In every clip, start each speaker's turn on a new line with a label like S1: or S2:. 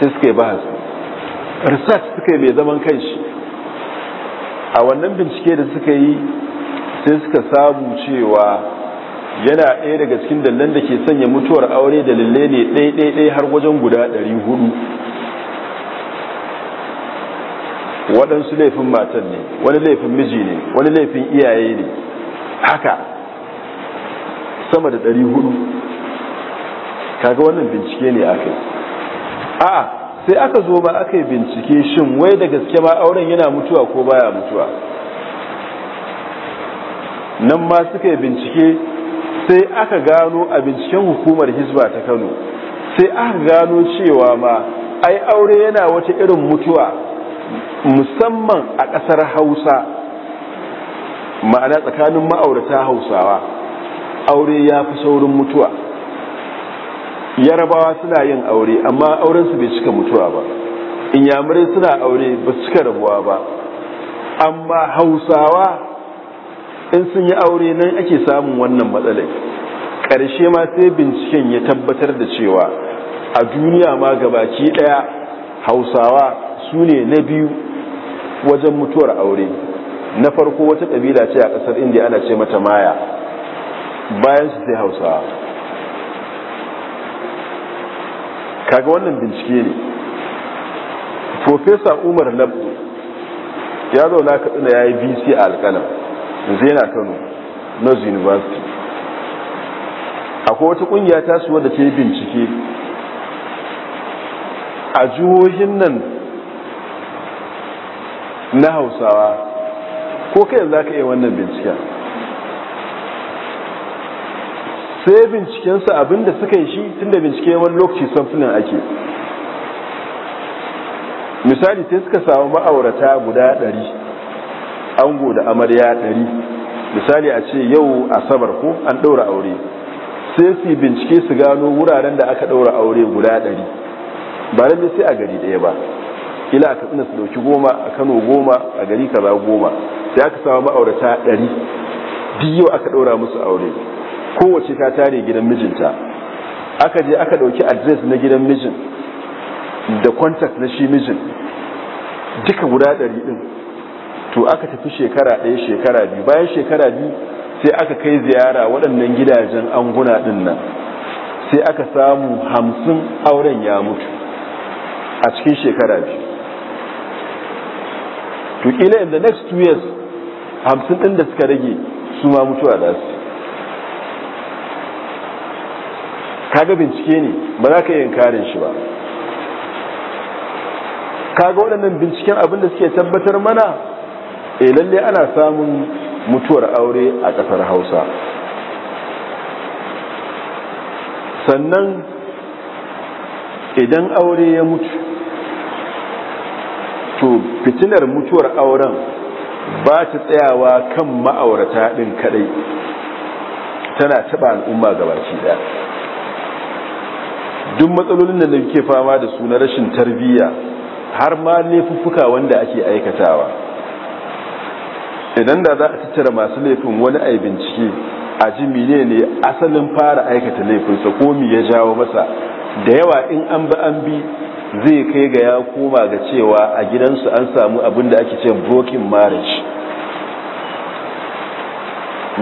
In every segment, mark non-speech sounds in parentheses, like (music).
S1: sai suka yi bahasi research suka yi mai zaman kanshi a wannan bincike da suka yi sai suka samu cewa yana ɗaya daga cikin dallan da ke sanya mutuwar aure da lalle ne ɗaiɗaiɗai har wajen guda 400 waɗansu laifin matan ne wani laifin miji ne wani laifin iyaye ne haka sama da 400 kaga wannan bincike ne a kai. a'a sai aka zo ba aka yi bincike shin wai da gaske ma auren yana mutuwa ko baya mutuwa nan ma suka yi bincike sai aka gano a binciken hukumar hizba ta kano sai aka gano cewa ma ai aure yana wata irin mutuwa musamman a ƙasar hausa ma'ana tsakanin ma'aurata hausawa aure ya fi saurin mutuwa yarabawa suna yin aure amma aurensu bai cika mutuwa ba inyamurai suna aure ba su cika rabuwa ba amma hausawa in sun yi aure nan ake samun wannan matsalai ƙarshe ma sai binciken ya tabbatar da cewa a duniya ma gabaki ɗaya hausawa su ne na biyu wajen mutuwar aure na farko wata ƙabila ce a ƙasar India ana ce mata maya bayan su sai hausawa kaga wannan bincike ne profesa umar labu ya zauna katsina ya yi bc a alkalam zena kano north university akwai wata kungiya tasu wadda ta yi bincike a jihohin nan na hausawa ko kai za ka iya wannan binciken sai bincikensu abinda suka yi shi tun da bincike wani lokaci samfunan ake misali sai suka samu ma'aurata guda ɗari ango da amarya ɗari misali a ce yau asabar ko an ɗaura aure sai su bincike su gano wuraren da aka ɗaura aure guda ɗari ba da sai a gari ɗaya ba ila ka tsina su ɗauki goma a kano goma a gari kaza goma sai aka samu ma'aurata ɗari biyu aka ɗaura musu aure kowace ta tare gidan mijinta aka je aka dauki address na gidan mijin da contact na shi mijin duka guda ɗari ɗin to aka tafi shekara ɗaya shekara biyu bayan shekara biyu sai aka kai ziyara waɗannan gidajen anguna ɗin nan sai aka samu hamsin auren ya mutu a cikin shekara biyu to ila in the next two years hamsin ɗin da suka rage su ma mutuwa da su kaga bincike ne ba za ka yi inkarin shi ba kaga waɗannan binciken abin da suke tabbatar mana e lalle ana samun mutuwar aure a ƙasar hausa sannan idan aure ya mutu to fitinar mutuwar auren ba ta tsayawa kan ma'aurata ɗin kaɗai, tana taɓa al'umma gabaki ɗaya duk matsalolin da nake fama da su na rashin tarbiyya har ma laifuffuka wanda ake aikatawa idan da za a tattara masu laifin wani a bincike a ji mine ne asalin fara aikata laifinsa ko me ya jawo masa da yawa in an bi an bi zai kai ga ya koma ga cewa a gidansu an samu abin da ake ce broken marriage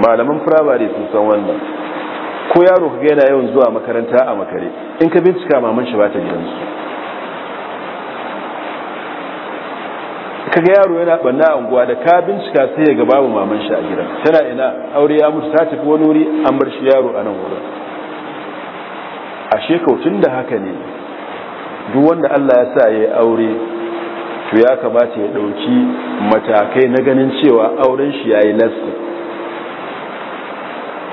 S1: malaman firamare sun san wannan ko yaro kaga yana yawan zuwa makaranta a makare in ka bincika maman shi ba ta gidansu kaga yaro yana banna a unguwa da ka bincika sai ya ga babu maman shi a gidan tana ina aure ya mutu ta tafi wani wuri an bar shi yaro a nan wurin a shekautun da haka ne duk wanda Allah ya sa ya yi aure to ya kamata ya ɗauki matakai na ganin cewa auren shi yayi nasi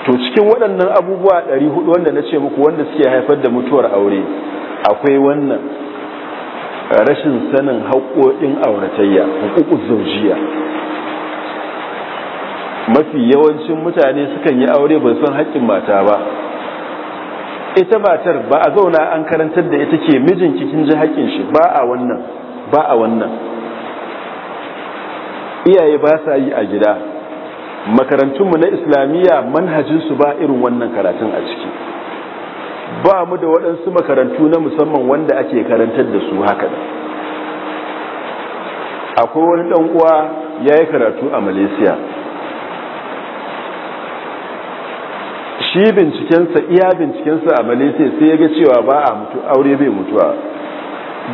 S1: to cikin waɗannan abubuwa 400 wanda na ce muku wanda suke haifar da mutuwar aure akwai wannan rashin sanin haƙoƙin auratayya hukukun zaujiya mafi yawancin mutane sukan yi aure ba san haƙƙin mata ba ita matar ba a zauna an karantar da ita ke mijin kikin ji haƙƙin shi ba a wannan ba a wannan iyaye ba sa yi a gida makarantunmu na islamiyya manhajinsu ba irin wannan karatun a ciki ba mu da waɗansu makarantu na musamman wanda ake karantar da su haka akwai wani ɗan uwa ya yi karatu a malaysia shi bincikensa iya bincikensa a malaysia sai ya ga cewa ba a mutu aure bai mutuwa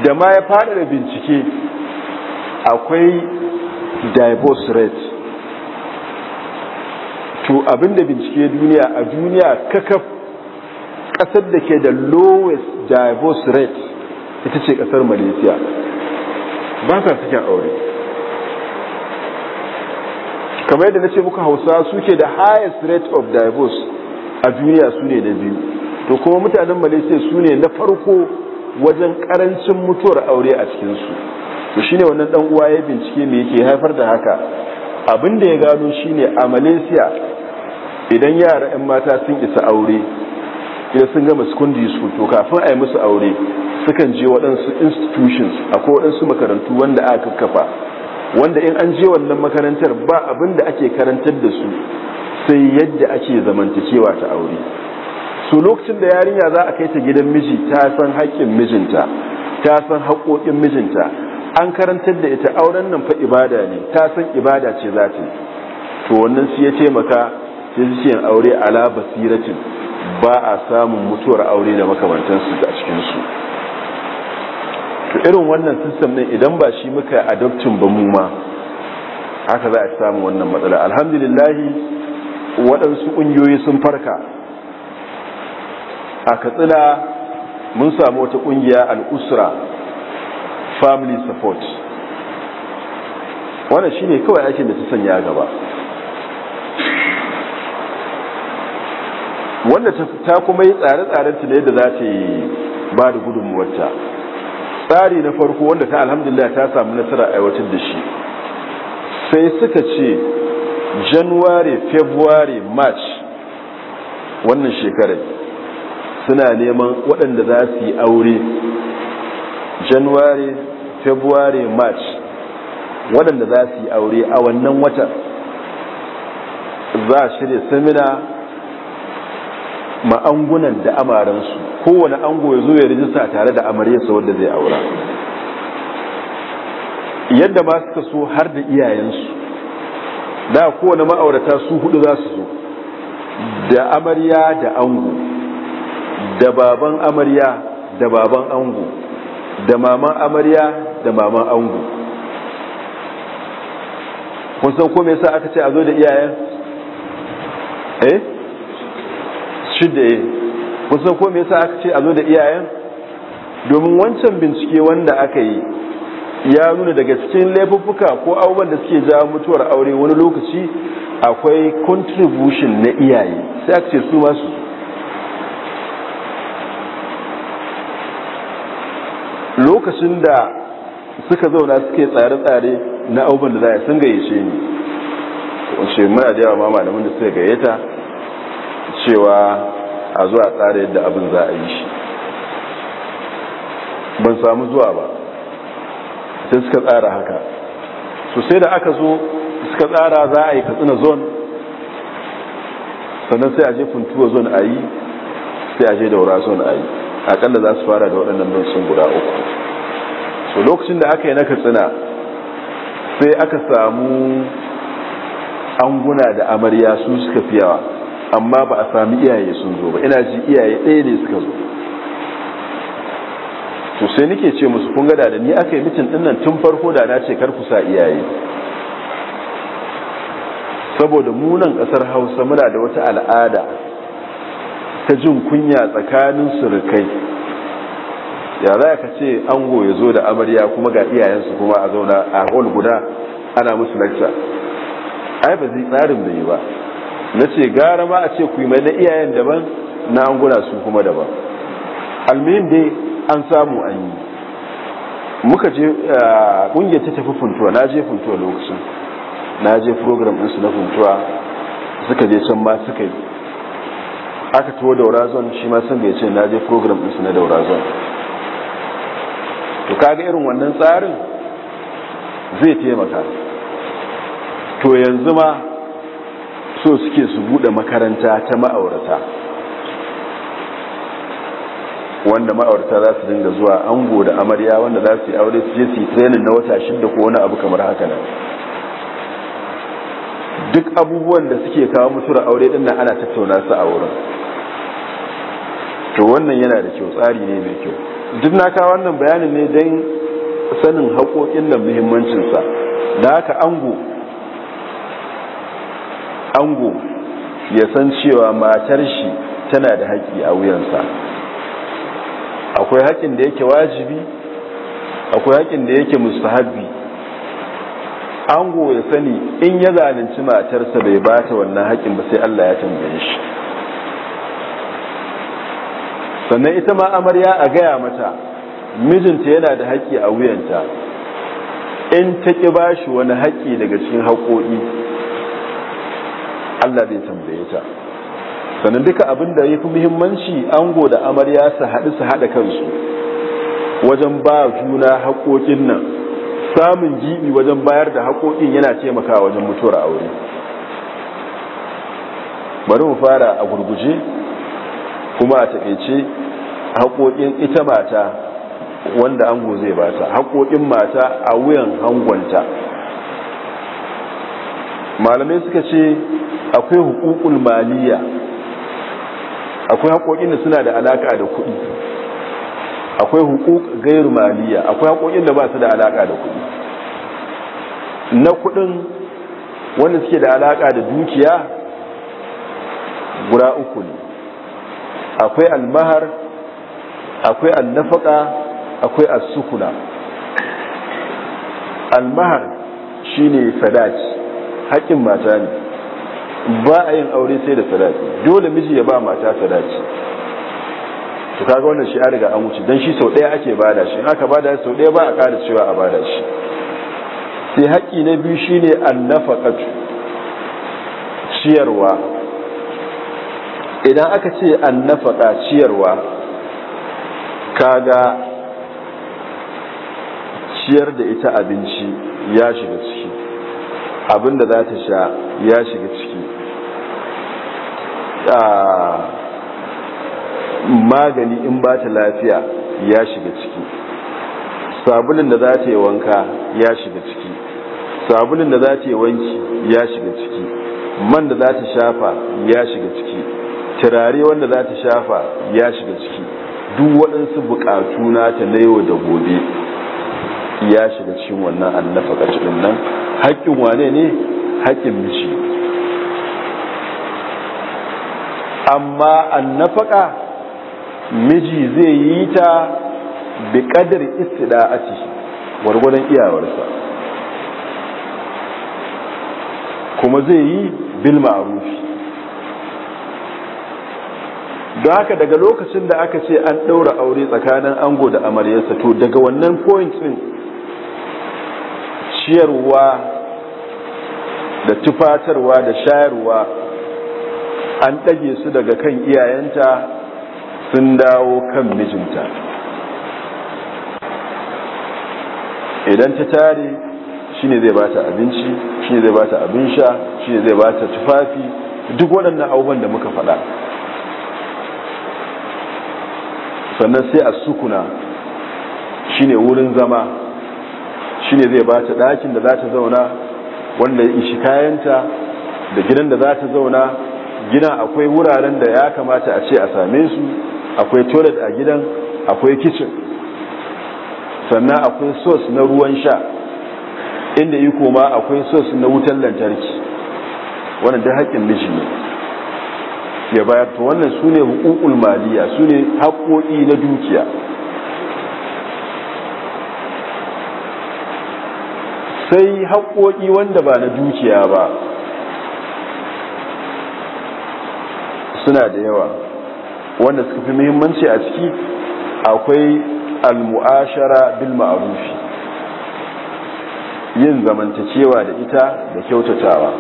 S1: da ma ya da bincike akwai divorce rate to abinda bincike duniya a duniya kakaf kasar da ke da lowest divorce rate ita ce kasar malaysia ba sa cikin aure kamar yadda na ce muka hausa suke da highest rate of divorce a duniya su ne na biyu to kuma mutanen malaysia su ne na farko wajen karancin mutuwar aure a cikinsu to shine wannan dan uwa ya bincike me yake haifar da haka abin da ya gano shine a malaysia idan yara 'yan mata sun isa aure idan sun gama kundi su, to kafin a yi musu aure sukan je waɗansu institutions akwai waɗansu makarantu wanda aka kafa wanda in an je wannan makarantar ba abin da ake karantar da su sai yadda ake zamantakewa ta aure su lokacin da yarinya za a kai ta gidan miji ta san haƙƙin mijinta ta san haƙoƙin mijinta an karantar da ita auren nan fa ibada ne ta san ibada ce za ta yi, to wannan su ya taimaka cikin aure ala basiratin ba a samun mutuwar aure da makamantansu a cikinsu irin wannan sistem ɗin idan ba shi muka adoptin ba mu ma haka za a samu wannan matsala alhamdulillahi waɗansu ƙungiyoyi sun farka a katsina mun samu wata ƙungiya al'usra family support wannan shine kawai aikin da ta sanya gaba wanda ta kuma yi tsare-tsaren ta ne da za ta yi ba da gudunmuwarta tsari na farko wanda ta alhamdulillah ta samu nasara aiwatar da shi sai suka ce january february march wannan shekarar suna neman waɗanda za su yi aure january february march waɗanda za su yi aure a wannan watan za a shirya samina ma'angunan da amaransu kowane ango ya zo ya rijista tare da amaryarsa wanda zai aura yadda ma suka so har da iyayensu da kowane ma'aurata su hudu za su zo da amarya da ango da baban amarya da baban ango da maman amarya da maman ango kun san ko me yasa aka ce a zo da iyayen eh da ya kusan ko me yasa aka ce a zo da iyayen domin wancan bincike wanda aka yi ya nuna daga cikin laifuffuka ko abubuwan da suke jawo mutuwar aure wani lokaci akwai contribution na iyaye sai aka ce su masu lokacin da suka zauna suke tsare-tsare na abubuwan da za a sun gayyace ni wace muna da ma malamin da suka gayyata cewa a zuwa tsara yadda abin za a yi shi ban samu zuwa ba sai suka tsara haka sosai da aka zo suka tsara za a yi katsina zon sannan sai a je funtuwa zon a yi sai a je daura zon a yi akalla za su fara da waɗannan don sun guda uku so lokacin da aka yi na katsina sai aka samu anguna da amarya su suka fi yawa amma ba a sami iyaye sun zo ba ina ji iyaye ɗaya ne suka zo to sai nake ce musu kun gada da ni aka yi mitin dinnan tun farko da na ce kar sa iyaye saboda munan ƙasar hausa muna da wata al'ada ta jin kunya tsakanin surukai ya za ka ce ango ya zo da amarya kuma ga iyayensu kuma a zauna a hol guda ana musu lakta ai ba zai tsarin da yi ba na ce gara ma a ce ku yi mai na iyayen daban na gura su kuma daban almin dai an samu an yi muka je kungiyar eh, ta tafi funtuwa na je funtuwa lokacin na je program ɗinsu na funtuwa suka je can ma suka yi aka tuwo daura zon shi ma sun ce na je program ɗinsu na daura zon to kaga irin wannan tsarin zai taimaka to yanzu ma so suke su bude makaranta ta ma'aurata wanda ma'aurata za su dinga zuwa ango da amarya wanda za su yi aure su je su yi training na wata shida ko wani abu kamar haka nan duk abubuwan da suke kawo mutuwar aure din nan ana tattauna su a wurin to wannan yana da kyau tsari ne mai kyau duk na kawo wannan bayanin ne don sanin haƙoƙin nan muhimmancinsa da haka ango ango ya san cewa matar shi tana da haƙi a wuyansa akwai haƙƙin da yake wajibi akwai haƙin da yake mustahabbi ango ya sani in ya zalunci matarsa bai bata wannan haƙƙin ba sai Allah ya tambaye shi sannan ita ma amarya a gaya mata mijinta yana da haƙƙi a wuyanta in ta ƙi bashi wani haƙƙi daga cikin haƙoƙi Allah zai tambaye ta sannan duka abin da ya fi muhimmanci ango da amarya su haɗu su haɗa kansu wajen ba juna haƙoƙin nan samun jibi wajen bayar da haƙoƙin yana taimakawa wajen mutuwar aure bari mu fara a gurguje kuma a taƙaice haƙoƙin ita mata wanda ango zai ba ta haƙoƙin mata a wuyan hangonta malamai suka ce akwai hukukul maliya akwai haƙoƙin da suna da alaƙa da kuɗi akwai hukuk gairu maliya akwai haƙoƙin da ba su da alaƙa da kuɗi na kuɗin wanda suke da alaƙa da dukiya guda uku ne akwai almahar akwai annafaka akwai asukuna almahar shine sadaci haƙƙin mata ne ba a yin aure sai da sadaki dole miji ya ba mata sadaki to kaga wannan shi ya riga an wuce dan shi sau daya ake bada shi aka bada sau daya ba a ƙara cewa a bada shi sai haƙƙi na biyu shine annafaqatu ciyarwa idan aka ce annafaqa ciyarwa kaga ciyar da ita abinci ya shiga ciki abinda za ta sha ya shiga ciki magani in ba ta lafiya ya shiga ciki sabulin da za ta yi wanka ya shiga ciki sabulin da za ta yi wanki ya shiga ciki man da za ta shafa ya shiga ciki turare wanda za ta shafa ya shiga ciki duk waɗansu buƙatu nata na yau da gobe ya shiga cikin wannan annafa ƙarshen nan haƙƙin wane ne haƙƙin mishi amma annafaka miji zai yi ta bi kadar ci gwargwadon iyawarsa kuma zai yi bil ma'arufi don haka daga lokacin da aka ce an ɗaura aure tsakanin ango da amaryarsa to daga wannan point ɗin ciyarwa da tufatarwa da shayarwa an ɗage su daga kan iyayenta sun dawo kan mijinta idan ta tare shi ne zai ba ta abinci shi ne zai ba ta abin sha shi ne zai ba ta tufafi duk waɗannan abubuwan da muka faɗa sannan sai a sukuna shi ne wurin zama shi ne zai ba ta ɗakin da za ta zauna wanda ya ishi kayanta da gidan da za ta zauna gina akwai wuraren da ya kamata a ce a same su akwai toilet a gidan akwai kitchen sannan akwai sos na ruwan sha inda yi koma akwai sos na wutan lantarki wannan da haƙƙin miji ne ya bayar to wannan su ne hukukul maliya su ne haƙoƙi na dukiya sai haƙoƙi wanda ba na dukiya ba suna da yawa wanda suka fi muhimmanci a ciki akwai al-mu'ashara almu'ashara bil ma'ruf yin zamantakewa da ita da kyautatawa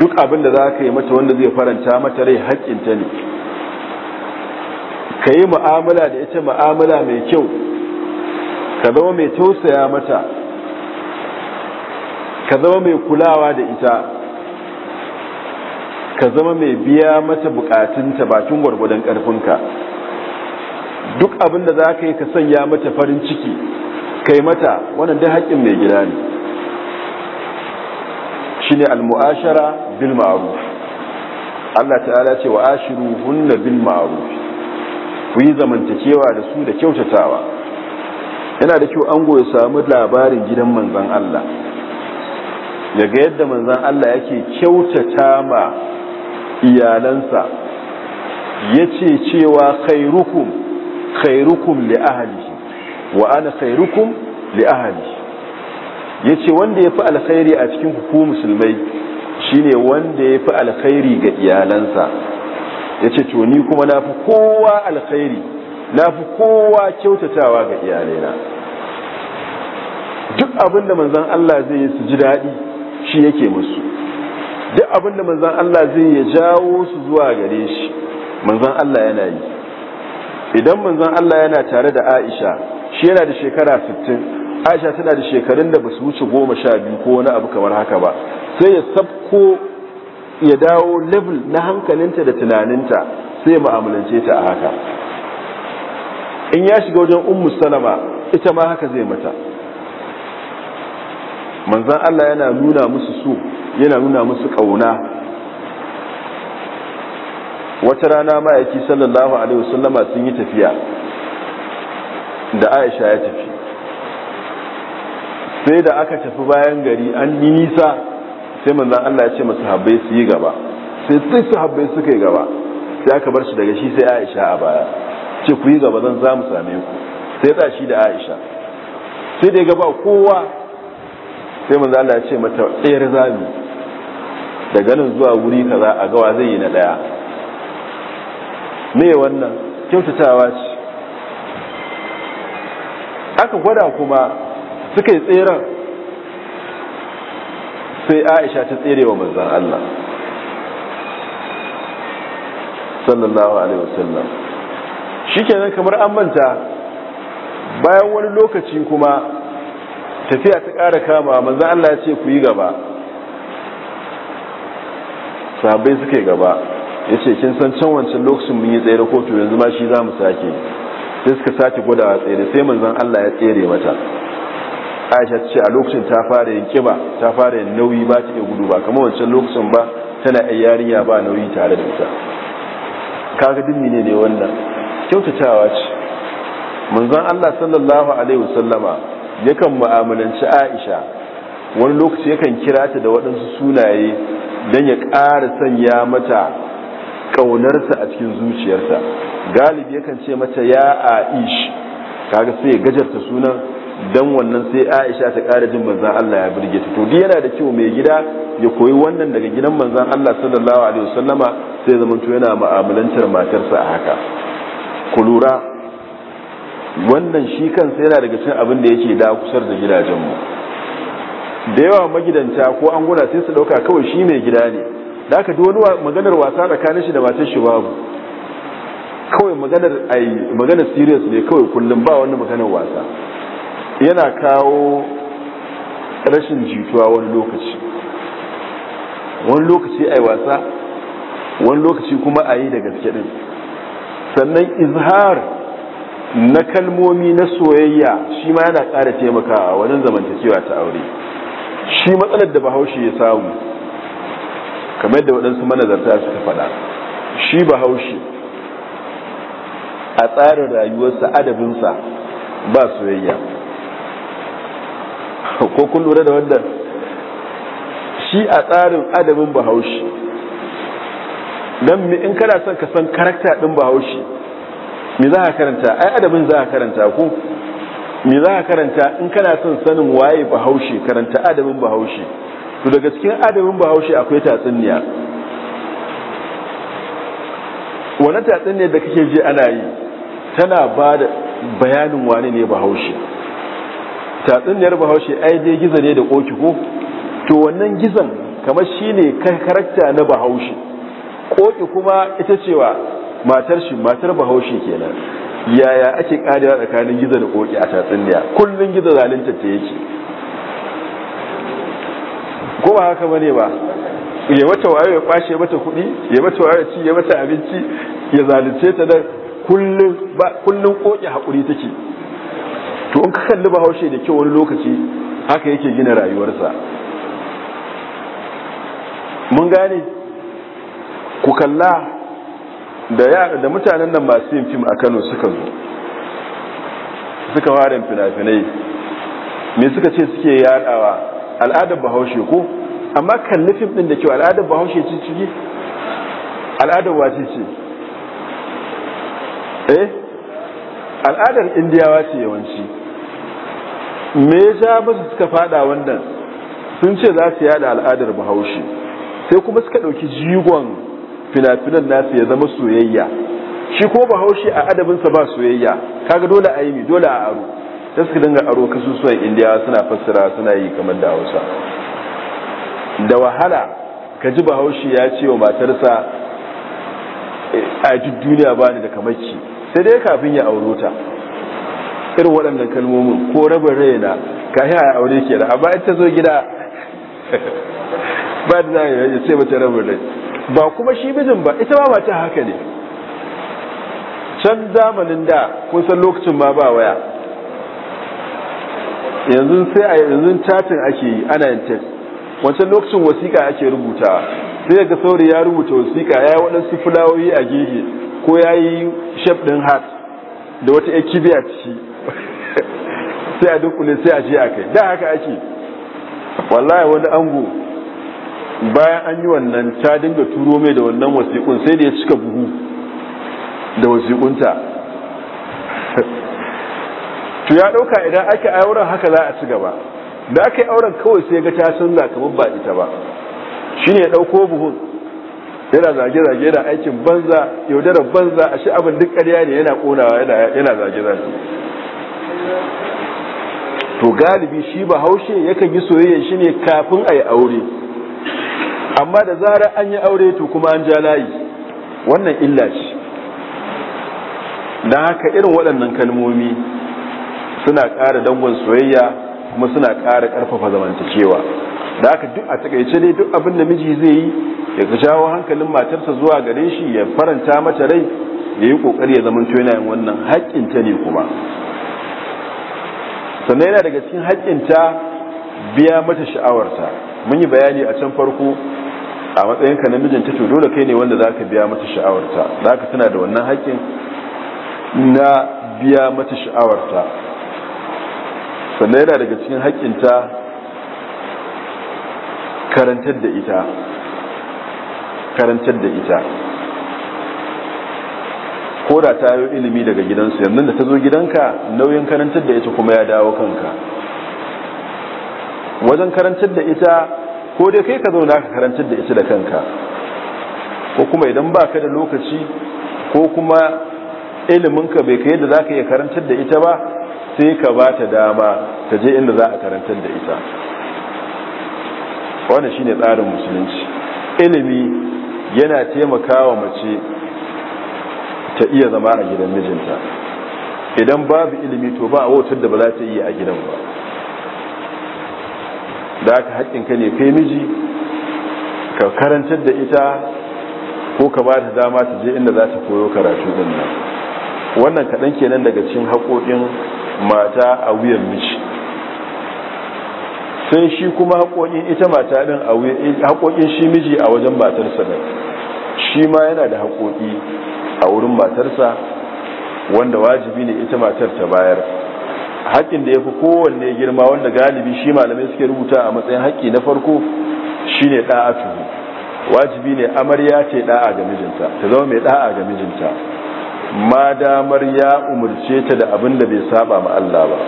S1: duk abin da za ka yi mata wanda zai faranta mata rai haƙƙinta ne ka yi mu'amala da ita mu'amala mai kyau ka zama mai tausaya mata ka zama mai kulawa da ita ka zama mai biya mata bukatunta bakin gwargwadon karfinka duk abin da za ka yi ka sanya mata farin ciki kai mata wannan da haƙƙin mai gida ne shi ne al-mu'ashara bil Allah ta'ala ce wa ashiru hunna bil ma'ruf ku yi zamantakewa da su da kyautatawa yana da kyau an goyi samu labarin gidan manzan Allah Daga yadda manzan Allah yake kyautata ma iyalansa ya ce cewa khairukum khairukum li ahalihi wa ana khairukum li ahalihi ya ce wanda ya fi alkhairi a cikin ku musulmai shine wanda ya fi alkhairi ga iyalansa ya ce to ni kuma na fi kowa alkhairi na fi kowa kyautatawa ga iyalaina duk abinda manzon manzan Allah zai yi su ji daɗi shi yake musu duk abin da manzan Allah zai ya jawo su zuwa gare shi manzan Allah yana yi idan manzan Allah yana tare da Aisha shi yana da shekara 60 Aisha tana da shekarun da ba su wuce 12 ko wani abu kamar haka ba sai ya sabko ya dawo level na hankalinta da tunaninta sai ya mu'amalance ta a haka in ya shiga wajen ummu salama ita ma haka zai mata manzan Allah yana nuna musu so yana nuna musu ƙauna wata rana ma'aiki sallallahu alaihi wasallama sun yi tafiya da aisha ya tafi sai da aka tafi bayan gari an yi nisa sai manzan Allah ya ce masu habbai su yi gaba sai sai su habbai suka yi gaba sai aka bar shi daga shi sai aisha a baya ce ku yi gaba zan za same ku sai ya shi da aisha sai da ya gaba kowa sai manzan Allah ya ce mata tsayar zabi. Da ganin zuwa wuri kaza a gawa zai yi na daya me wannan kyautatawa ce aka gwada kuma suka yi tseren sai aisha ta tsere wa manzan Allah sallallahu alaihi wasallam shi kamar an manta bayan wani lokaci kuma tafiya ta ƙara kama manzan Allah ya ce ku yi gaba sahabbai suke gaba ya ce kin san can wancan lokacin mun yi tsere ko to yanzu ma shi za mu sake sai suka sake gwadawa tsere sai zan Allah ya tsere mata aisha ce a lokacin ta fara yin kiba ta fara yin nauyi ba ta iya gudu ba kamar wancan lokacin ba tana yarinya ba nauyi tare da ita kaga dimmi ne ne wannan kyautatawa ce zan Allah sallallahu alaihi wasallama yakan mu'amalanci Aisha wani lokaci yakan kira ta da waɗansu sunaye don ya ƙara sanya mata ƙaunarsa a cikin zuciyarsa galibi yakan ce mata ya aish kaga sai gajarta sunan don wannan sai aisha ta ƙara jin manzan Allah ya birge ta to yana da kyau mai gida ya koyi wannan daga gidan manzan Allah sallallahu alaihi wasallama sai zamanto yana mu'amalantar matarsa a haka Kulura wannan shi kansa yana daga cin abin da yake da kusar da gidajenmu da yawa magidanta ko an gura sai su dauka kawai shi mai gida ne da aka wani maganar wasa tsakanin shi da matan shi babu kawai maganar ai maganar serious ne kawai kullum ba wani maganar wasa yana kawo rashin jituwa wani lokaci wani lokaci ai wasa wani lokaci kuma ayi da gaske din sannan izhar na kalmomi na soyayya shi ma yana ƙara taimakawa wajen zamantakewa ta aure shi matsalar da bahaushe ya samu kamar da waɗansu manazarta ta faɗa shi bahaushe a tsarin rayuwarsa adabinsa ba soyayya ko kun lura da wannan shi a tsarin adabin bahaushe don in kana son ka san karakta ɗin bahaushe me za a karanta ai adabin za a karanta ko me za ka karanta in kana son sanin waye bahaushe karanta adabin bahaushe to daga cikin adabin bahaushe akwai tatsuniya wani tatsuniya da kake ji ana yi tana ba da bayanin wani ne bahaushe tatsuniyar bahaushe ai dai gizo ne da koki ko to wannan gizon kamar shine ne karakta na bahaushe koki kuma ita cewa matar shi matar bahaushe kenan yaya ake kariya tsakanin gizo da koki a tatsuniya kullum gizo zalunta ta yake ko ba haka bane ba ya mata wayo ya kwashe mata kuɗi ya mata wayo ci ya mata abinci ya zalunce ta da kullum ba kullum koki hakuri take to in ka kalli bahaushe da kyau wani lokaci haka yake gina rayuwarsa mun gane ku kalla da mutanen nan masu yin fim a kano suka zo suka warin fina-finai me suka ce suke yadawa al'adar bahaushe ko amma kalli fim din da kyau al'adar bahaushe ce ciki al'adar wace ce eh al'adar indiyawa ce yawanci me ya ba su suka fada wannan sun ce za su yada al'adar bahaushe sai kuma suka dauki jigon Finafinan nasu ya zama soyayya shi ko bahaushe a adabinsa ba soyayya kaga dole a yi dole a aro ta suka dinga aro kasusuwan indiya suna fassara suna yi kamar da hausa da wahala ka ji bahaushe ya ce wa matarsa eh, a duk duniya ba ni da kamarci sai dai kafin ya auro ta irin waɗannan kalmomin ko rabin raina ka yi a aure ke da amma ita zo gida (laughs) ba da za a yi sai mace rabin rai ba kuma shi mijin ba ita ba mata haka ne can zamanin da kun san lokacin ma ba waya yanzu sai a yanzu chatin ake yi ana yin text wancan lokacin wasiƙa ake rubutawa sai ga saurin ya rubuta wasiƙa ya yi waɗansu fulawoyi a gehe ko ya yi shaf ɗin hat da wata ya kibiya ciki (laughs) sai a dukkule sai a je a kai da haka ake wallahi wani ango bayan an yi wannan ta dinga turo mai da wannan wasiƙun sai da ya cika buhu da wasiƙunta (laughs) to ya ɗauka idan ake auren haka za a ci gaba da aka yi auren kawai sai ga ta da kamar ba ita ba shi ne ya ɗauko buhun yana zage-zage yana aikin banza yaudarar banza a shi abin duk ƙarya ne yana ƙonawa yana zage-zage to galibi shi ba haushe yakan yi soyayya shi ne kafin a yi aure amma da zarar an yi aure to kuma an ja layi wannan illa ce Don haka irin waɗannan kalmomi suna ƙara dangon soyayya kuma suna ƙara ƙarfafa zamantakewa da haka duk a takaice dai duk abin da miji zai yi ya jawo hankalin matarsa zuwa gare shi ya faranta mata rai ya yi ƙoƙari ya zamanto yana yin wannan haƙƙinta ne kuma sannan yana daga cikin haƙƙinta biya mata sha'awarta mun yi bayani a can farko a matsayinka na mijin dole kai ne wanda za ka biya mata sha'awarta za ka tana da wannan haƙƙin na biya mata sha'awarta sannan yana daga cikin haƙƙinta karantar da ita karantar da ita ko da ta yi ilimi daga gidansu yanzu da ta zo gidanka nauyin karantar da ita kuma ya dawo kanka wajen karantar da ita ko dai kai ka zauna ka karantar da ita da kanka ko kuma idan ba ka da lokaci ko kuma iliminka bai kai da za ka iya karantar da ita ba sai ka ba ta dama ka je inda za a karantar da ita shi shine tsarin musulunci ilimi yana taimakawa mace ta iya zama a gidan mijinta idan babu ilimi to ba a wutar da ba za ta iya a gidan ba da aka haƙƙinka ne kai miji ka karantar da ita ko ka ba ta dama ta je inda za ta koyo karatu din nan wannan kaɗan kenan daga cikin haƙoƙin mata a wuyan miji sai shi kuma haƙoƙin ita mata ɗin a haƙoƙin shi miji a wajen matarsa ɗin shi ma yana da haƙoƙi a wurin matarsa wanda wajibi ne ita matar ta bayar haƙƙin da ya fi kowanne girma wanda galibi shi malamai suke rubuta a matsayin haƙƙi na farko shi ne tuhu wajibi ne amarya ce ɗa'a ga mijinta ta zama mai ɗa'a ga mijinta ma damar ya umarce ta da abin da bai saba ma Allah ba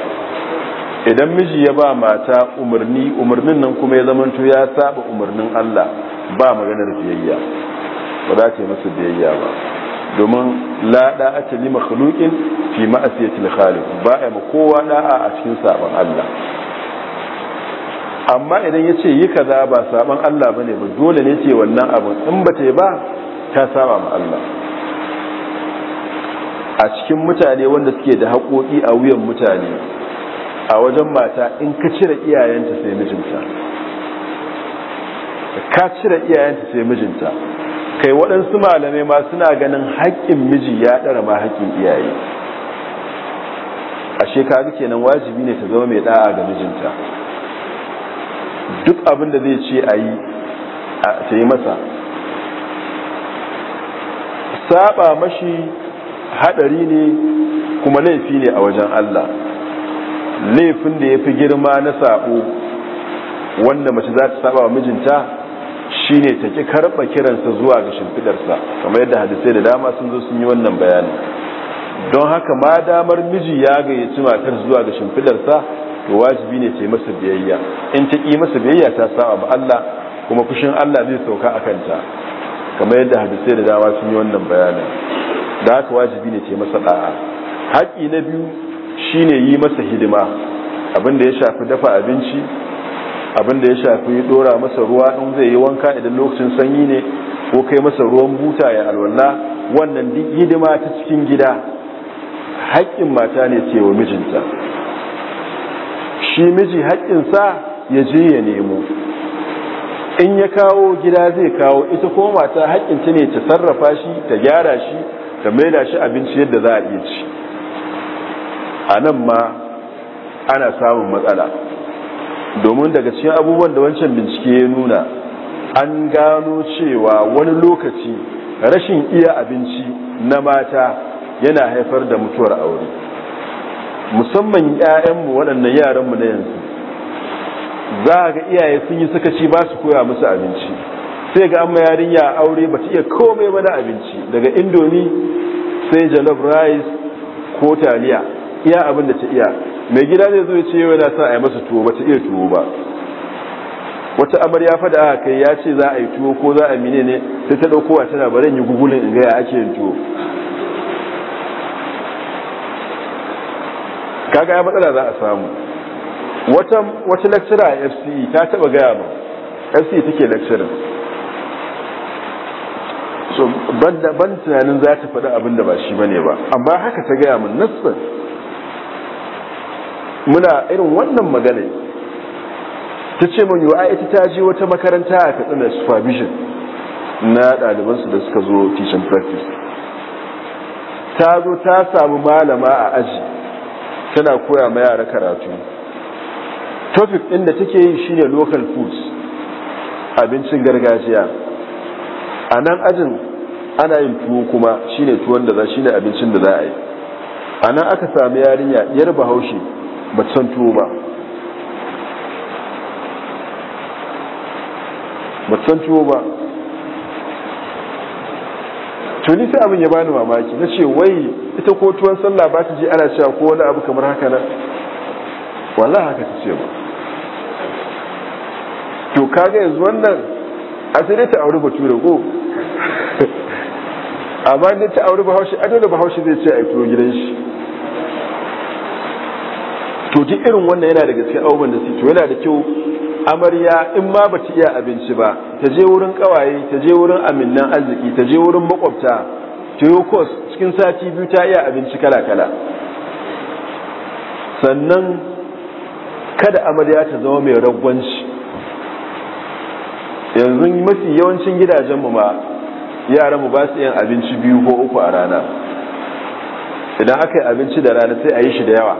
S1: idan miji ya ba mata umarni umarnin nan kuma ya zamanto ya saba umarnin Allah ba maganar biyayya ba za ta yi masa biyayya ba domin la ce lima makhluqin fi ma'asiyar al ba ba yi kowa da'a a cikin sabon Allah amma idan ya ce yi kaza ba sabon Allah ba ne ba dole ne ce wannan abin in ba ce ba ta saba ma Allah a cikin mutane wanda suke da haƙoƙi a wuyan mutane a wajen mata in ka cire iyayenta sai mijinta ka cire iyayenta sai mijinta kai waɗansu malamai ma suna ganin haƙƙin miji ya ɗara ma haƙƙin iyaye a shekaru kenan wajibi ne ta zama mai ɗa'a ga mijinta duk abin da zai ce a yi ta yi masa saba mashi haɗari ne kuma laifi ne a wajen Allah laifin da ya fi girma na saɓo wanda mace za ta saba wa mijinta Shi ne ta ki karba kiransa zuwa ga shimfidarsa kamar yadda hadisai da dama sun zo sun yi wannan bayani don haka ma damar miji ya gayyaci matar zuwa ga shimfidarsa to wajibi ne ce masa biyayya in ta ki masa biyayya ta saba ba Allah kuma fushin Allah zai sauka a kanta kamar yadda hadisai da dama sun yi wannan bayanin da haka wajibi ne ce masa da'a haƙi na biyu shine yi masa hidima abinda ya shafi dafa abinci abin da ya shafi dora masa ruwa in zai yi wanka idan lokacin sanyi ne ko kai masa ruwan buta ya alwala wannan duk hidima ta cikin gida haƙƙin mata ne ce mijinta shi miji haƙƙinsa ya je ya nemo in ya kawo gida zai kawo ita ko mata haƙƙinta ne ta sarrafa shi ta gyara shi ta maida shi abinci yadda za a iya ci a nan ma ana samun matsala domin daga cikin abubuwan da wancan bincike ya nuna an gano cewa wani lokaci rashin iya abinci na mata yana haifar da mutuwar aure musamman 'ya'yanmu waɗannan yaranmu na yanzu za a ga iyaye sun yi sakaci ba su koya musu abinci sai ga amma yarinya aure ba ta iya komai ba na abinci daga indomi sai jalof rice ko taliya iya abin da ta iya mai gida zai zuwa ya yana sa a yi masa tuwo ba ta iya tuwo ba wata amarya fada a kai ya ce za a yi tuwo ko za a mine ne sai ta ɗauko a tana barin yi gugulin in gaya ake yin tuwo kaga ya matsala za a samu wata wata lecturer a FCE ta taba gaya ba FCE take lecturer so ban tunanin za ta faɗi abin da ba shi bane ba amma haka ta gaya min nassar muna irin wannan magana ta ce min yiwa ita ta je wata makaranta a katsina supervision na ɗalibansu da suka zo teaching practice ta zo ta samu malama a aji tana koya ma yara karatu topic ɗin da take yi shine local foods abincin gargajiya a nan ajin ana yin tuwo kuma shine tuwon da za shine abincin da za a yi a nan aka sami yarinya yar bahaushe ba san tuwo ba ba san tuwo ba tuni sai abin ya bani mamaki na ce wai ita ko tuwon sallah ba ta ji ana cewa ko wani abu kamar haka nan wala haka ta ce ba to kaga yanzu wannan a sai dai ta auri bature ko (laughs) amma ne ta auri bahaushe a dole bahaushe zai ce a yi turo gidan shi to duk irin wannan yana da gaske abubuwan da su to yana da kyau amarya in ma ba ta iya abinci ba ta je wurin kawaye ta je wurin aminnan arziki ta je wurin makwabta to yi kos cikin sati biyu ta iya abinci kala-kala sannan kada amarya ta zama mai ragwanci yanzu mafi yawancin gidajenmu ma yara mu ba su yin abinci biyu ko uku a rana idan aka yi abinci da rana sai a yi shi da yawa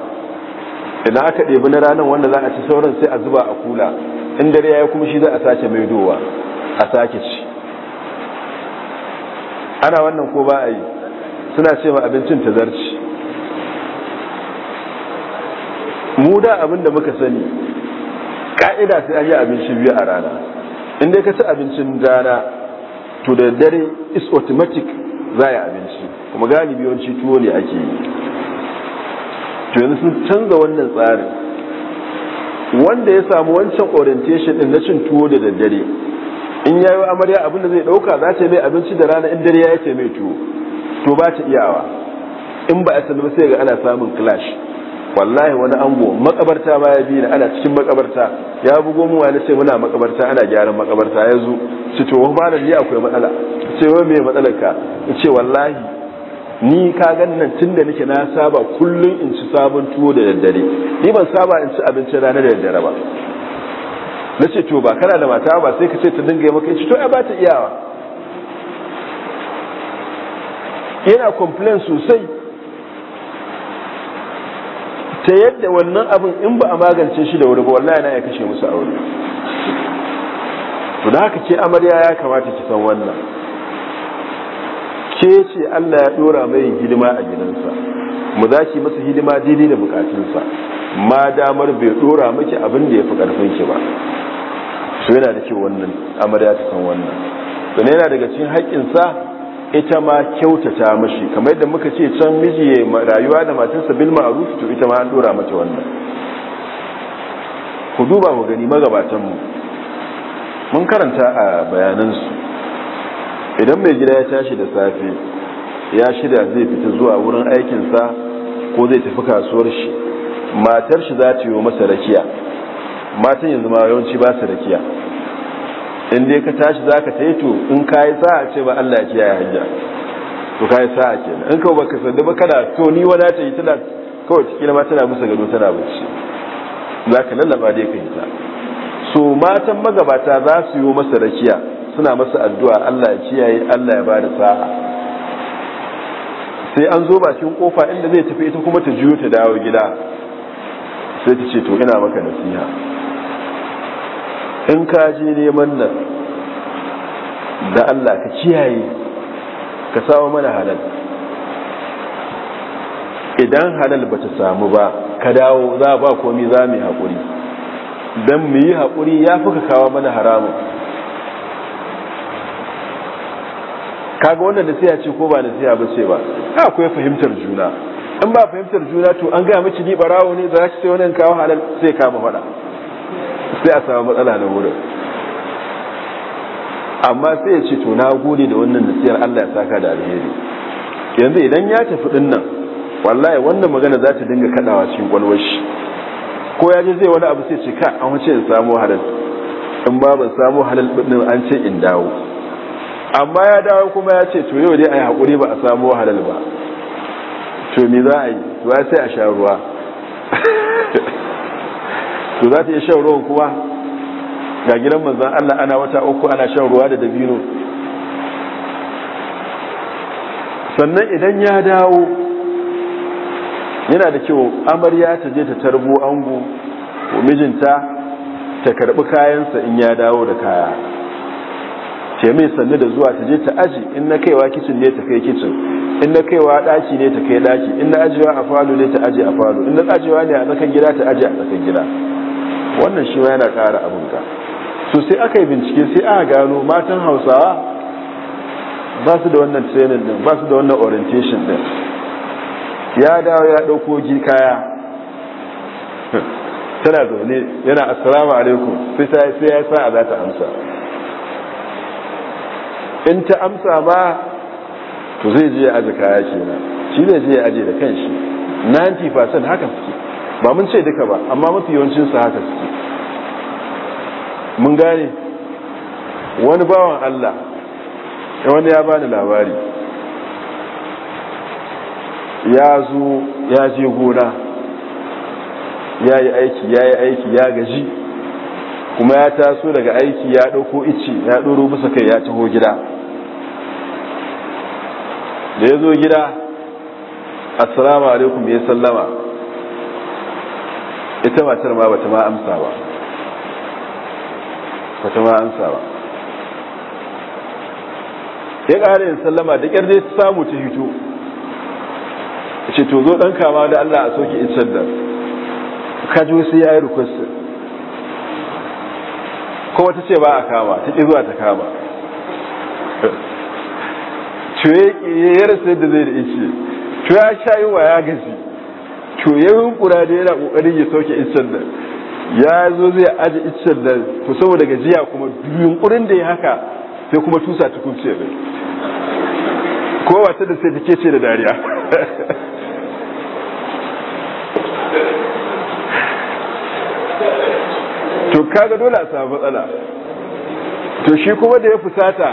S1: idan aka ɗebi na ranar wanda za a ci sauran sai a zuba a kula in dare ya kuma shi za a sake mai dowa a sake ci ana wannan ko ba a yi suna ce ma abincin zarci. mu da abin da muka sani ka'ida sai an yi abinci biyu a rana in dai ka ci abincin rana to da dare is automatic za a yi abinci kuma galibi yawanci tuwo ne ake yi to yanzu sun canza wannan tsarin wanda ya samu wancan orientation din na cin tuwo da daddare in ya yi amarya abinda zai dauka za ta mai abinci da rana in dare ya ce mai tuwo to ba ta iyawa in ba a sanu sai ga ana samun clash wallahi wani ango makabarta ma ya bi ni ana cikin makabarta ya bugo mu wani sai muna makabarta ana gyaran makabarta ya zo ci to ba da akwai matsala sai wai me matsalar ka ce wallahi ni ka gannan tun da nake na saba kullum in ci sabon tuwo da daddare ni ban saba in ci abincin rana da daddare ba na ce to ba kana da mata ba sai ka ce ta dinga yi maka ci to ya ba ta iyawa yana complain sosai ta yadda wannan abin in ba a magance shi da wuri ba wallahi na ya kashe musu aure to da haka ce amarya ya kamata ki san wannan ke ce Allah ya dora mai hidima a gidansa mu zaki masa hidima daidai da bukatunsa ma damar bai dora miki abin da ya fi karfin ki ba so yana da kyau wannan amarya ta san wannan to yana daga cikin haƙƙinsa ita ma kyautata mashi kamar yadda muka ce can miji ya rayuwa da matarsa bil ma'ruf to ita ma an dora mata wannan ku duba mu gani magabatan mu mun karanta a bayanansu idan mai gida ya tashi da safe ya shida zai fita zuwa wurin aikinsa ko zai tafi kasuwar shi matar shi za ta yi masa rakiya matan yanzu ma yawanci ba su rakiya in dai ka tashi za ka ta yi to in ka yi sa'a ce ba Allah ya kiyaye hanya to ka yi sa'a ke in ka ba ka sanda ba kana to ni wani ta yi tana kawai cikin ma tana musa gado tana bacci za ka lallaba dai ka yi ta so matan magabata za su yi masa rakiya suna masa addu'a Allah ya ciyaye Allah ya bada sa'a sai an zo bakin kofa inda zai tafi ita kuma ta juyo ta dawo gida sai ta ce to ina maka nasiha in ka je neman nan da Allah ka ciyaye ka samu mana halal idan halal ba ta samu ba ka dawo za ba komi za mu yi haƙuri don mu yi haƙuri ya fi ka kawo mana haramun kaga wannan nasiha ce ko ba nasiha ba ce ba akwai fahimtar juna in ba fahimtar juna to an gaya mace ni barawo ne za ki sai wani kawo halal sai kama faɗa sai a samu matsala na wurin amma sai ya ce to na gode da wannan siyar, Allah ya saka da alheri yanzu idan ya tafi din nan wallahi wannan magana za ta dinga kadawa cikin kwalwar shi ko ya je zai wani abu sai ce ka an wuce samu halal in ba ban samu halal din an ce in dawo amma ya dawo kuma ya ce to yau dai a yi haƙuri ba a samu halal ba to me za a yi to ya sai a sha ruwa (laughs) to za ta yi shan ruwan kuma ga gidan manzan Allah ana wata uku ana shan ruwa da dabino sannan idan ya dawo yana da kyau amarya ta je ta tarbo ango ko mijinta ta karbi kayansa in ya dawo da kaya ce mai sannu da zuwa ta je ta aji in na kaiwa kicin ne ta kai kicin in na kaiwa daki ne ta kai daki in na ajiyewa a falo ne ta aji a falo in na ajiyewa ne a tsakan gida ta aji a tsakan gida wannan shi yana ƙara abin ka so sai aka yi bincike sai aka gano matan hausawa ba su da wannan training din ba su da wannan orientation din ya dawo ya gi kaya (laughs) tana zaune yana assalamu alaikum sai ya sa a za ta amsa in ta amsa ba, to zai je aji kaya ce na shi ne je aji da kanshi 90% haka suke ba mun ce duka ba amma mafi yawancinsu haka suke mun gane wani bawan Allah wani ya bani labari ya zo ya je gona ya yi aiki ya yi aiki ya gaji kuma ya taso daga aiki ya ɗauko ici ya ɗoro bisa kai ya taho gida da ya zo gida assalamu alaikum ya sallama ita matar ma bata ma amsa ba bata ma amsa ba ya ƙara yin sallama da ƙyar dai samu ta hito ce to zo ɗan kama da allah a soke in da kaji sai ya yi requestin kowa ta ce ba a kama ta ƙi zuwa ta kama cuye ya rasa yadda zai da ice cuye ya sha yi wa ya gaji cuye yunkura da yana ƙoƙarin ya sauke icen nan ya zo zai aji icen nan to saboda gajiya kuma yunkurin da ya haka sai kuma tusa tukunce mai kowa ta da sai take ce da dariya (laughs) kaga dole a samu matsala to shi kuma da ya fusata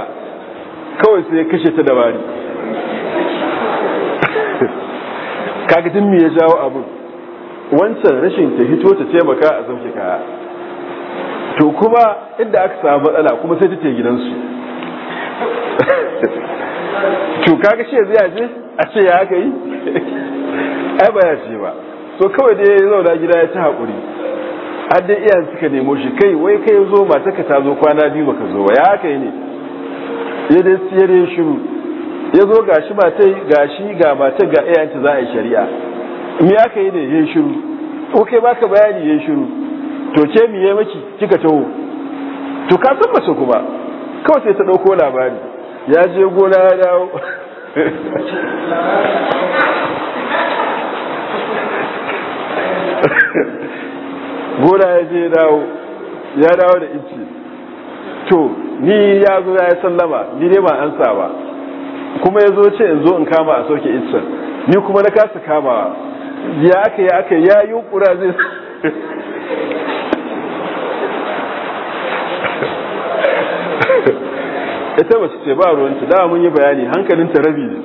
S1: kawai sai ya kashe ta dabari (laughs) kaga din me ya jawo abu wancan rashin ta hito ta taimaka a sauke kaya to kuma inda aka samu matsala kuma sai ta ce gidansu (laughs) to kaga shi zai je a ce ya haka yi (laughs) ai ba ya ce ba so kawai da ya zauna gida ya ci haƙuri Hadda dai iyayen suka nemo shi kai wai kai zo mata ka ta zo kwana biyu ba ka zo ba ya haka ne ya dai ya dai shiru ya zo ga shi ba ga shi ga mata ga iyayenta za a yi shari'a me ya yi ne ya shiru ko kai baka bayani ya shiru to ce mi ya maki kika taho to ka san mace kuma kawai sai ta dauko labari ya je gona ya
S2: dawo (laughs)
S1: gona ya je dawo ya dawo da ice to ni ya zo ya yi sallama ni ne ba ansa ba kuma ya zo ce in zo in kama a sauke iccen ni kuma na kasa kamawa ya aka ya aka ya yi kura zai
S2: (laughs)
S1: ita ba ce ba ruwanta da mun yi bayani hankalinta rabi ne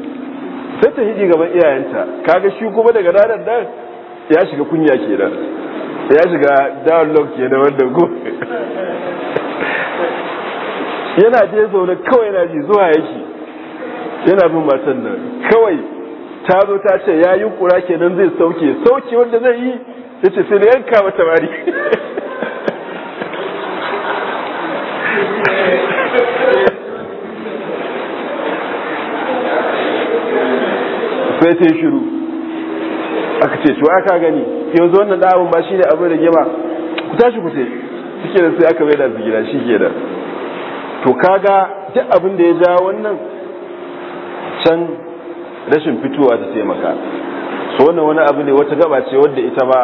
S1: sai ta hidi gaban iyayenta kaga shi kuma daga ranar dan ya shiga kunya ke kenan ya shiga download ke da wanda go yana je zaune kawai yana ji zuwa yake yana bin matan nan kawai ta zo ta ce ya yi kura nan zai sauke sauke wanda zai yi ya ce sai da yanka mata mari sai ta yi aka ce shi wa ka gani yanzu wannan da ba shi ne abin da gima ku tashi ku ce suke da sai aka mai da shi ke da to kaga duk abin da ya ja wannan can rashin fitowa ta taimaka su wannan wani abu ne wata gaba ce wadda ita ma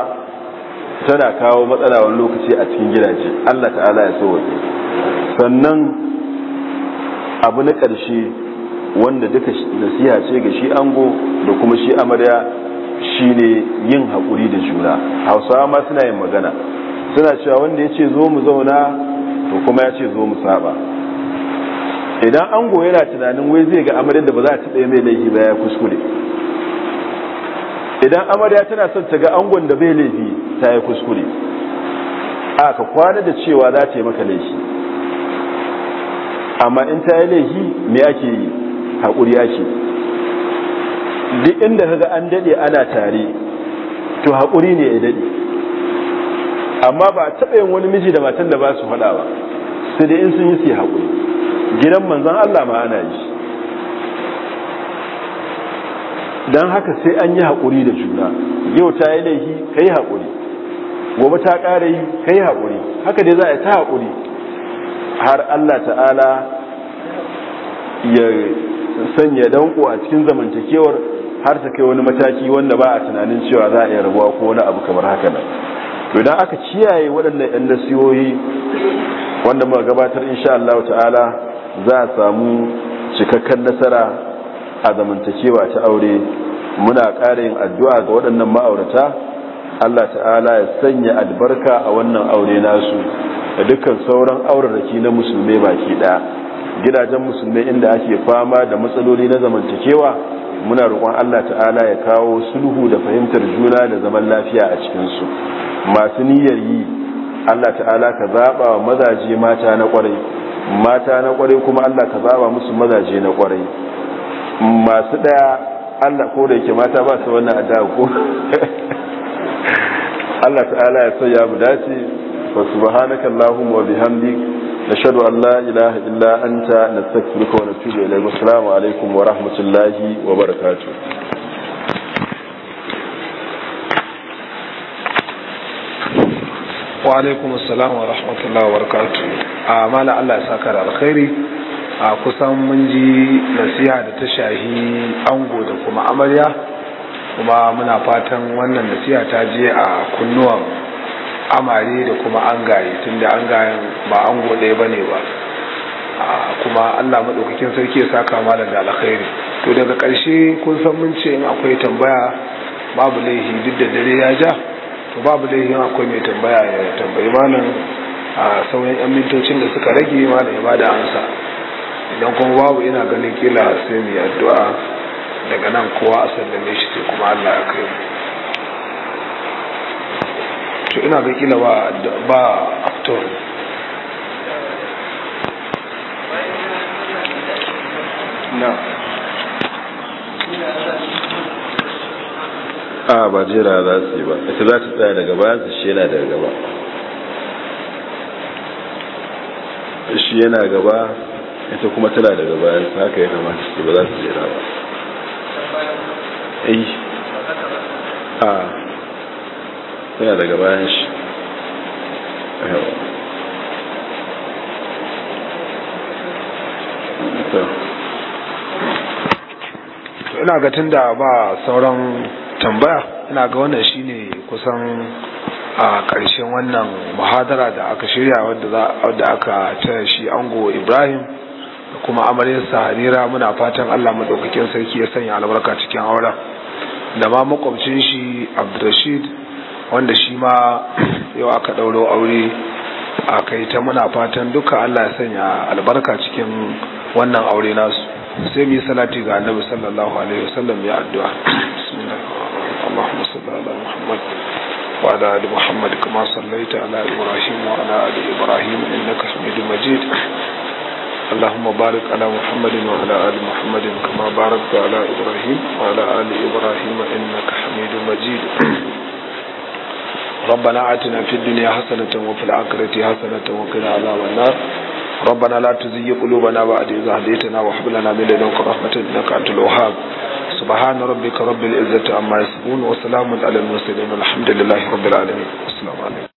S1: tana kawo matsala wani lokaci a cikin gidaje Allah ta'ala ya sauke sannan abu na ƙarshe wanda duka nasiha ce ga shi ango da kuma shi amarya shine yin haƙuri da juna hausawa ma suna yin magana suna cewa wanda ya ce zo mu zauna to kuma ya ce zo mu saba idan an yana tunanin wai zai ga amarya da ba za a taɓa mai laifi ba ya kuskure idan amarya tana son ta ga angon da bai laifi ta yi kuskure a ka kwana da cewa za ta yi maka laifi amma in ta yi laifi me ake yi haƙuri ake duk inda kaga an dade ana tare to haƙuri ne ya dade amma ba a taɓa yin wani miji da matan da ba su fada ba sai dai in sun yi su haƙuri gidan manzon Allah ma ana yi don haka sai an yi haƙuri da juna yau ta yi laifi ka yi gobe ta ƙara yi kai hakuri haka dai za a yi ta hakuri har Allah ta'ala ya sanya danko a cikin zamantakewar har ta kai wani mataki wanda ba a tunanin cewa za a iya rabuwa ko wani abu kamar haka nan idan aka ciyaye waɗannan yan nasihohi wanda muka gabatar insha Allah ta'ala za a samu cikakken nasara a zamantakewa ta aure muna ƙara yin addu'a ga waɗannan ma'aurata Allah ta'ala ya sanya albarka a wannan aure nasu da dukkan sauran aurarraki na musulmai baki ɗaya gidajen musulmi inda ake fama da matsaloli na zamantakewa muna roƙon Allah ta'ala ya kawo sulhu da fahimtar juna da zaman lafiya a cikinsu masu niyyar yi Allah ta'ala ka zaɓa wa mazaje mata na ƙwarai mata na ƙwarai kuma Allah ka zaɓa musu mazaje na ƙwarai masu ɗaya Allah ko da yake mata ba su wannan addu'a ko (laughs) Allah ta'ala ya sanya mu dace fa subhanakallahumma wa bihamdika نشهد أن لا إله إلا أنت نستغفرك ونتوب إليك والسلام عليكم
S2: ورحمة الله وبركاته وعليكم السلام ورحمة الله وبركاته أعمال الله ساكر الخير a kusan mun ji nasiha da ta shahi ango da kuma amarya kuma muna fatan wannan nasiha ta je a kunnuwan amare da kuma an gaye da an gaye ba an gode ba ne ba kuma allah maɗaukakin sarki ya saka malam da alkhairi to daga ƙarshe kun san mun ce in akwai tambaya babu laihi duk da dare ya ja to babu laihi akwai mai tambaya ya tambayi malam a sauran yan mintocin da suka rage malam ya bada amsa idan kuma babu ina ganin kila sai mu addu'a daga nan kowa a sallame shi sai kuma allah ya kai mu to ina ga kila ba ba actor na
S1: a ba jira za su yi ba ita za ta tsaya daga baya su shi yana daga gaba shi yana gaba ita kuma tana daga bayan su haka ya kamata su ba za su jira ba eh. a suna daga bayan shi
S2: ina ga tun da ba sauran tambaya ina ga wannan shine kusan a ƙarshen wannan muhadara da aka shirya wadda aka cire shi ango ibrahim da kuma amaryarsa harira muna fatan allah maɗaukakin sarki ya sanya albarka cikin auren da ma makwabcin shi abdurrashid wanda shi ma yau aka ɗauro aure a kai ta muna fatan duka Allah ya sanya albarka cikin wannan aure nasu sai mu yi salati ga annabi sallallahu alaihi wasallam ya addu'a Allahumma salli ala Muhammad wa ala ali Muhammad kama sallaita ala Ibrahim wa ala ali Ibrahim innaka Hamidum Majid اللهم بارك على محمد وعلى آل محمد كما باركت على إبراهيم وعلى آل إبراهيم إنك حميد مجيد ربنا آتنا في الدنيا حسنة وفي الآخرة حسنة وقنا عذاب النار ربنا لا تزغ قلوبنا بعد إذ هديتنا وهب لنا من لدنك رحمة إنك أنت الوهاب سبحان ربك رب العزة عما يصفون وسلام على المرسلين والحمد لله رب العالمين السلام عليكم